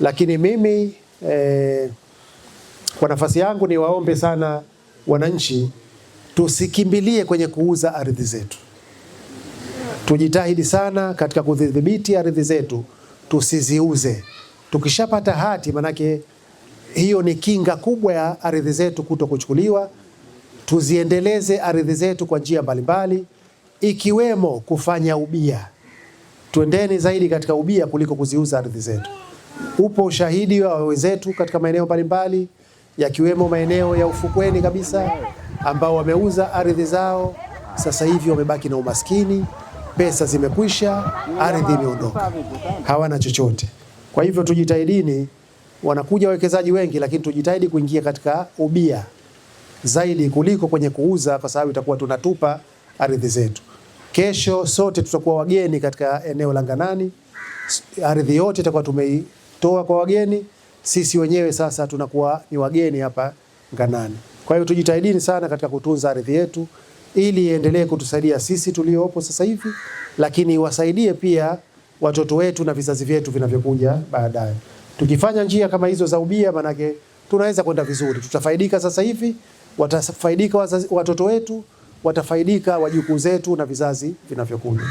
Lakini mimi eh, kwa nafasi yangu niwaombe sana wananchi, tusikimbilie kwenye kuuza ardhi zetu, tujitahidi sana katika kudhibiti ardhi zetu, tusiziuze. Tukishapata hati, manake hiyo ni kinga kubwa ya ardhi zetu kuto kuchukuliwa. Tuziendeleze ardhi zetu kwa njia mbalimbali, ikiwemo kufanya ubia. Tuendeni zaidi katika ubia kuliko kuziuza ardhi zetu. Upo ushahidi wa wenzetu katika maeneo mbalimbali yakiwemo maeneo ya ufukweni kabisa, ambao wameuza ardhi zao, sasa hivi wamebaki na umaskini, pesa zimekwisha, ardhi imeondoka, hawana chochote. Kwa hivyo tujitahidini, wanakuja wawekezaji wengi, lakini tujitahidi kuingia katika ubia zaidi kuliko kwenye kuuza, kwa sababu itakuwa tunatupa ardhi zetu. Kesho sote tutakuwa wageni katika eneo la Nganani, ardhi yote itakuwa tumei toa kwa wageni, sisi wenyewe sasa tunakuwa ni wageni hapa Nganani. Kwa hiyo tujitahidini sana katika kutunza ardhi yetu ili iendelee kutusaidia sisi tuliopo sasa hivi, lakini iwasaidie pia watoto wetu na vizazi vyetu vinavyokuja baadaye. Tukifanya njia kama hizo za ubia, manake tunaweza kwenda vizuri, tutafaidika sasa hivi, watafaidika wazazi, watoto wetu watafaidika wajukuu zetu na vizazi vinavyokuja.